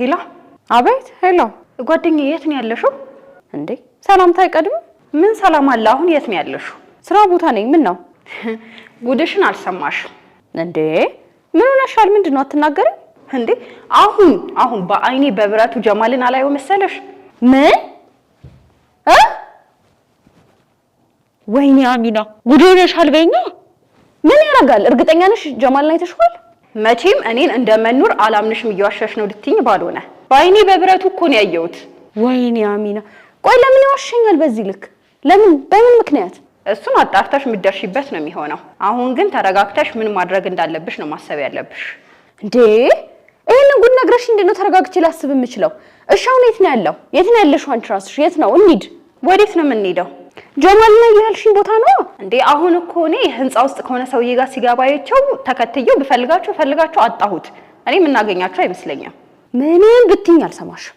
ሄሎ። አቤት። ሄሎ። ጓደኛ የት ነው ያለሽው? እንዴ ሰላምታ አይቀድምም? ምን ሰላም አለ? አሁን የት ነው ያለሽው? ስራ ቦታ ነኝ። ምን ነው ጉድሽን አልሰማሽም እንዴ? ምን ሆነሻል? ምንድን ነው አትናገርም እንዴ? አሁን አሁን በአይኔ በብረቱ ጀማልን አላየው መሰለሽ? ምን እ ወይኔ አሚና ጉድ ሆነሻል በይኛ። ምን ያደርጋል? እርግጠኛ ነሽ ጀማልን አይተሽዋል? መቼም እኔን እንደ መኑር አላምንሽም እየዋሸሽ ነው ልትኝ ባልሆነ በአይኔ በብረቱ እኮ ነው ያየሁት። ወይኔ አሚና፣ ቆይ ለምን ይዋሸኛል በዚህ ልክ? ለምን በምን ምክንያት? እሱን አጣርተሽ የምትደርሺበት ነው የሚሆነው። አሁን ግን ተረጋግተሽ ምን ማድረግ እንዳለብሽ ነው ማሰብ ያለብሽ። እንዴ ይህንን ጉድ ነግረሽ እንዴት ነው ተረጋግቼ ላስብ የምችለው? እሺ አሁን የት ነው ያለው? የት ነው ያለሽው? አንቺ ራስሽ የት ነው? እንሂድ። ወዴት ነው የምንሄደው? ጀማል ላይ ያልሽኝ ቦታ ነው እንዴ? አሁን እኮ እኔ ህንፃ ውስጥ ከሆነ ሰውዬ ጋር ሲገባየቸው ተከትየው ብፈልጋቸው ፈልጋቸው አጣሁት። እኔ የምናገኛቸው አይመስለኝም። ምንም ብትኝ አልሰማሽም።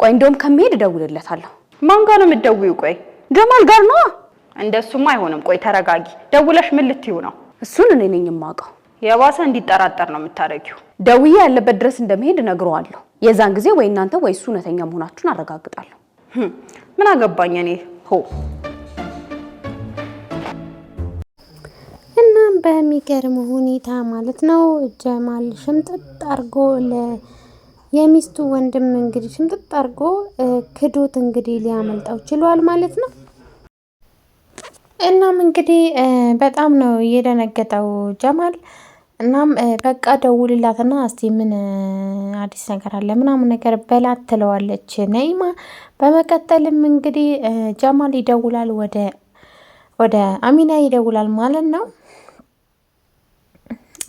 ቆይ እንደውም ከመሄድ እደውልለታለሁ። ማን ጋር ነው የምትደውይው? ቆይ ጀማል ጋር ነው። እንደሱማ አይሆንም። ቆይ ተረጋጊ። ደውለሽ ምን ልትዩ ነው? እሱን እኔ ነኝ የማውቀው። የባሰ እንዲጠራጠር ነው የምታደርጊው። ደውዬ ያለበት ድረስ እንደመሄድ እነግረዋለሁ። የዛን ጊዜ ወይ እናንተ ወይ እሱ እውነተኛ መሆናችሁን አረጋግጣለሁ። ምን አገባኝ እኔ ሆ በሚገርም ሁኔታ ማለት ነው ጀማል ሽምጥጥ አርጎ የሚስቱ ወንድም እንግዲህ ሽምጥጥ አርጎ ክዶት እንግዲህ ሊያመልጠው ችሏል ማለት ነው። እናም እንግዲህ በጣም ነው የደነገጠው ጀማል። እናም በቃ ደውልላትና እስቲ ምን አዲስ ነገር አለ ምናምን ነገር በላት ትለዋለች ነይማ። በመቀጠልም እንግዲህ ጀማል ይደውላል ወደ ወደ አሚና ይደውላል ማለት ነው።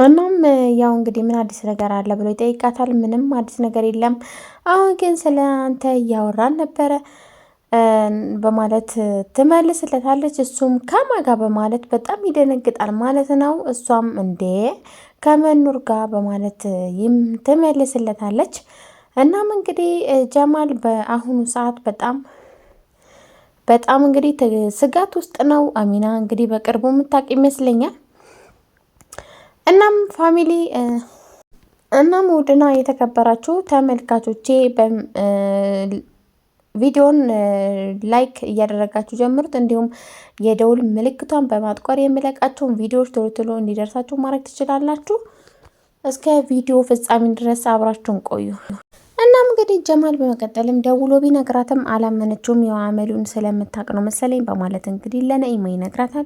እናም ያው እንግዲህ ምን አዲስ ነገር አለ ብሎ ይጠይቃታል። ምንም አዲስ ነገር የለም፣ አሁን ግን ስለ አንተ እያወራን ነበረ በማለት ትመልስለታለች። እሱም ከማጋ በማለት በጣም ይደነግጣል ማለት ነው። እሷም እንዴ ከመኑር ጋር በማለት ትመልስለታለች። እናም እንግዲህ ጀማል በአሁኑ ሰዓት በጣም በጣም እንግዲህ ስጋት ውስጥ ነው። አሚና እንግዲህ በቅርቡ የምታውቅ ይመስለኛል። እናም ፋሚሊ እናም ውድና የተከበራችሁ ተመልካቾቼ ቪዲዮን ላይክ እያደረጋችሁ ጀምሩት። እንዲሁም የደውል ምልክቷን በማጥቆር የሚለቃቸውን ቪዲዮዎች ቶሎ ቶሎ እንዲደርሳችሁ ማድረግ ትችላላችሁ። እስከ ቪዲዮ ፍጻሜ ድረስ አብራችሁን ቆዩ። እናም እንግዲህ ጀማል በመቀጠልም ደውሎ ቢነግራትም አላመነችውም። የአመሉን ስለምታቅ ነው መሰለኝ በማለት እንግዲህ ለነኢማ ይነግራታል።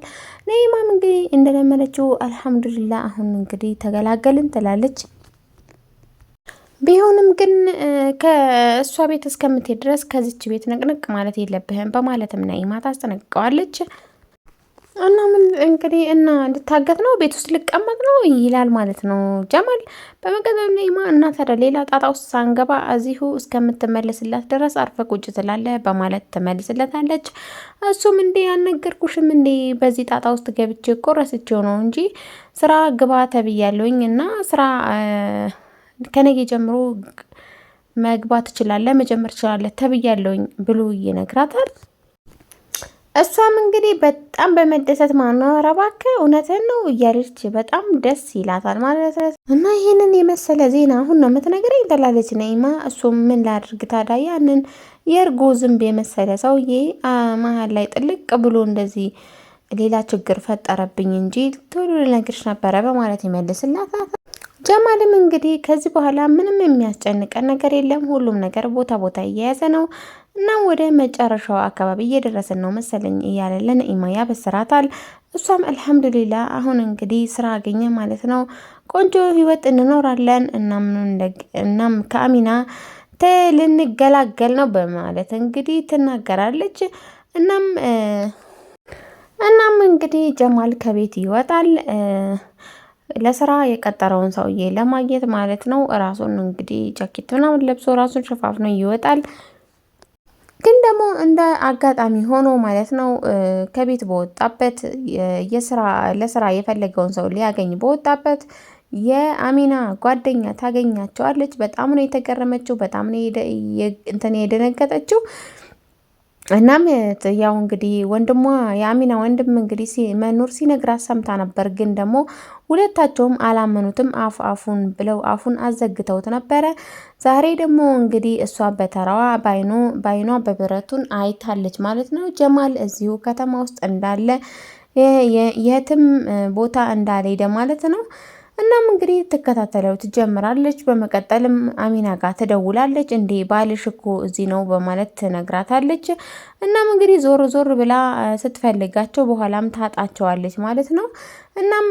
ነኢማም እንግዲህ እንደለመለችው አልሐምዱሊላ አሁን እንግዲህ ተገላገልን ትላለች። ቢሆንም ግን ከእሷ ቤት እስከምትሄድ ድረስ ከዚች ቤት ንቅንቅ ማለት የለብህም በማለትም ነኢማ ታስጠነቅቀዋለች። እና ምን እንግዲህ እና እንድታገት ነው ቤት ውስጥ ልቀመጥ ነው ይላል ማለት ነው ጀማል። በመቀጠል ሌማ እናት ታዲያ ሌላ ጣጣ ውስጥ ሳንገባ እዚሁ እስከምትመልስላት ድረስ አርፈ ቁጭ ትላለ በማለት ትመልስለታለች። እሱም እንዴ ያልነገርኩሽም እንዴ በዚህ ጣጣ ውስጥ ገብቼ እኮ ረስቼው ነው እንጂ ስራ ግባ ተብያለሁኝ እና ስራ ከነገ ጀምሮ መግባት ትችላለህ መጀመር ትችላለህ ተብያለሁኝ ብሎ ይነግራታል። እሷም እንግዲህ በጣም በመደሰት ማኖር እባክህ እውነትን ነው እያለች በጣም ደስ ይላታል ማለት ነው። እና ይህንን የመሰለ ዜና አሁን ነው የምትነግረኝ ትላለች ነይማ። እሱም ምን ላድርግ ታዲያ ያንን የእርጎ ዝንብ የመሰለ ሰውዬ መሀል ላይ ጥልቅ ብሎ እንደዚህ ሌላ ችግር ፈጠረብኝ እንጂ ቶሎ ልነግርሽ ነበረ በማለት ይመልስላታል። ጀማልም እንግዲህ ከዚህ በኋላ ምንም የሚያስጨንቀን ነገር የለም፣ ሁሉም ነገር ቦታ ቦታ እየያዘ ነው። እናም ወደ መጨረሻው አካባቢ እየደረስን ነው መሰለኝ እያለ ለነኢማ ያበስራታል። እሷም አልሐምዱሊላ አሁን እንግዲህ ስራ አገኘ ማለት ነው፣ ቆንጆ ህይወት እንኖራለን፣ እናም ከአሚና ልንገላገል ነው በማለት እንግዲህ ትናገራለች። እናም እናም እንግዲህ ጀማል ከቤት ይወጣል። ለስራ የቀጠረውን ሰውዬ ለማግኘት ማለት ነው። ራሱን እንግዲህ ጃኬት ምናምን ለብሶ ራሱን ሸፋፍኖ ይወጣል። ግን ደግሞ እንደ አጋጣሚ ሆኖ ማለት ነው ከቤት በወጣበት ለስራ የፈለገውን ሰው ሊያገኝ በወጣበት የአሚና ጓደኛ ታገኛቸዋለች። በጣም ነው የተገረመችው። በጣም ነው እንትን የደነገጠችው። እናም ያው እንግዲህ ወንድሟ የአሚና ወንድም እንግዲህ መኖር ሲነግራት ሰምታ ነበር። ግን ደግሞ ሁለታቸውም አላመኑትም። አፍ አፉን ብለው አፉን አዘግተውት ነበረ። ዛሬ ደግሞ እንግዲህ እሷ በተራዋ ባይኖ ባይኗ በብረቱን አይታለች ማለት ነው። ጀማል እዚሁ ከተማ ውስጥ እንዳለ የትም ቦታ እንዳልሄደ ማለት ነው። እናም እንግዲህ ትከታተለው ትጀምራለች። በመቀጠልም አሚና ጋር ትደውላለች። እንዴ ባልሽ እኮ እዚህ ነው በማለት ትነግራታለች። እናም እንግዲህ ዞር ዞር ብላ ስትፈልጋቸው በኋላም ታጣቸዋለች ማለት ነው። እናም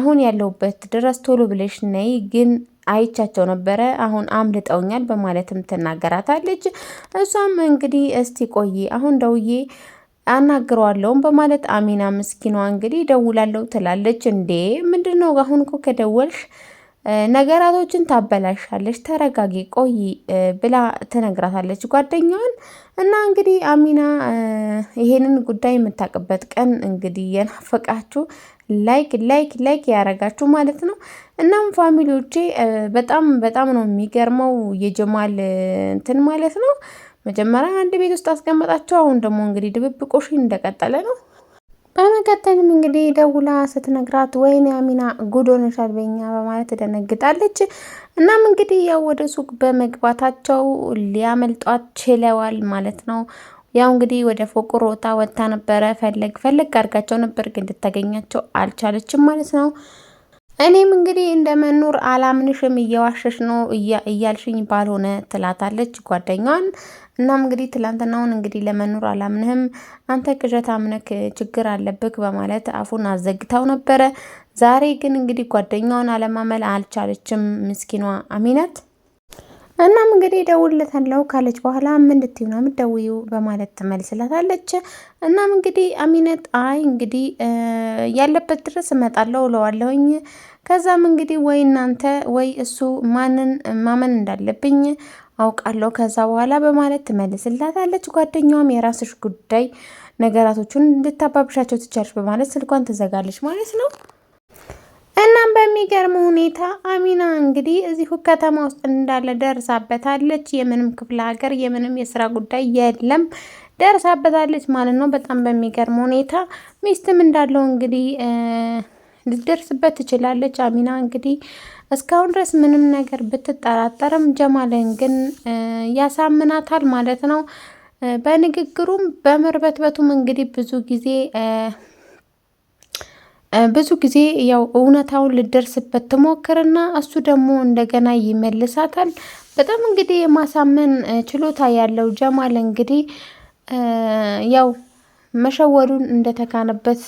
አሁን ያለውበት ድረስ ቶሎ ብለሽ ነይ ግን አይቻቸው ነበረ አሁን አምልጠውኛል በማለትም ትናገራታለች። እሷም እንግዲህ እስቲ ቆይ አሁን ደውዬ አናግረዋለውም በማለት አሚና ምስኪኗ እንግዲህ ደውላለው ትላለች። እንዴ ምንድን ነው አሁን እኮ ከደወልሽ ነገራቶችን ታበላሻለች፣ ተረጋጊ ቆይ ብላ ትነግራታለች ጓደኛዋን። እና እንግዲህ አሚና ይሄንን ጉዳይ የምታውቅበት ቀን እንግዲህ የናፈቃችሁ ላይክ ላይክ ላይክ ያደረጋችሁ ማለት ነው። እናም ፋሚሊዎቼ በጣም በጣም ነው የሚገርመው የጀማል እንትን ማለት ነው። መጀመሪያ አንድ ቤት ውስጥ አስቀመጣቸው። አሁን ደግሞ እንግዲህ ድብብቆሽ እንደቀጠለ ነው። በመቀጠልም እንግዲህ ደውላ ስትነግራት ወይኔ አሚና ጉድ ሆነሻል በኛ በማለት ደነግጣለች። እናም እንግዲህ ያው ወደ ሱቅ በመግባታቸው ሊያመልጧት ችለዋል ማለት ነው። ያው እንግዲህ ወደ ፎቁ ሮጣ ወጥታ ነበረ። ፈለግ ፈለግ አድርጋቸው ነበር፣ ግን እንድታገኛቸው አልቻለችም ማለት ነው። እኔም እንግዲህ እንደ መኖር አላምንሽም እየዋሸሽ ነው እያልሽኝ ባልሆነ ትላታለች ጓደኛዋን። እናም እንግዲህ ትላንትናውን እንግዲህ ለመኖር አላምንህም አንተ ቅዠት አምነክ ችግር አለብክ በማለት አፉን አዘግተው ነበረ። ዛሬ ግን እንግዲህ ጓደኛዋን አለማመል አልቻለችም ምስኪኗ አሚነት። እናም እንግዲህ እደውልለታለሁ ካለች በኋላ ምን ልትዩ ነው የምትደውዩ በማለት ትመልስላታለች። እናም እንግዲህ አሚነት አይ እንግዲህ ያለበት ድረስ እመጣለሁ እለዋለሁኝ። ከዛም እንግዲህ ወይ እናንተ ወይ እሱ ማንን ማመን እንዳለብኝ አውቃለሁ ከዛ በኋላ በማለት ትመልስላታለች። ጓደኛዋም የራስሽ ጉዳይ ነገራቶቹን እንድታባብሻቸው ትቻለች በማለት ስልኳን ትዘጋለች ማለት ነው። በሚገርም ሁኔታ አሚና እንግዲህ እዚሁ ከተማ ውስጥ እንዳለ ደርሳበታለች። የምንም ክፍለ ሀገር የምንም የስራ ጉዳይ የለም ደርሳበታለች ማለት ነው። በጣም በሚገርም ሁኔታ ሚስትም እንዳለው እንግዲህ ልደርስበት ትችላለች። አሚና እንግዲህ እስካሁን ድረስ ምንም ነገር ብትጠራጠርም ጀማልን ግን ያሳምናታል ማለት ነው። በንግግሩም በመርበትበቱም እንግዲህ ብዙ ጊዜ ብዙ ጊዜ ያው እውነታውን ልደርስበት ትሞክርና እሱ ደግሞ እንደገና ይመልሳታል። በጣም እንግዲህ የማሳመን ችሎታ ያለው ጀማል እንግዲህ ያው መሸወዱን እንደተካነበት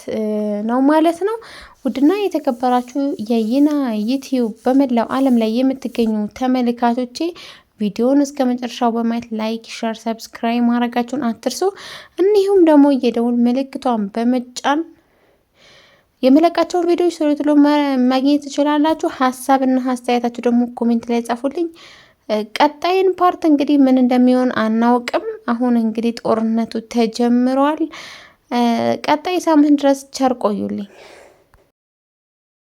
ነው ማለት ነው። ውድና የተከበራችሁ የይና ዩቲዩብ በመላው ዓለም ላይ የምትገኙ ተመልካቾቼ ቪዲዮውን እስከ መጨረሻው በማየት ላይክ፣ ሸር፣ ሰብስክራይብ ማድረጋችሁን አትርሱ። እንዲሁም ደግሞ የደውል ምልክቷን በመጫን የምለቃቸውን ቪዲዮዎች ቶሎ ቶሎ ማግኘት ትችላላችሁ። ሀሳብና አስተያየታችሁ ደግሞ ኮሜንት ላይ ጻፉልኝ። ቀጣይን ፓርት እንግዲህ ምን እንደሚሆን አናውቅም። አሁን እንግዲህ ጦርነቱ ተጀምሯል። ቀጣይ ሳምንት ድረስ ቸር ቆዩልኝ።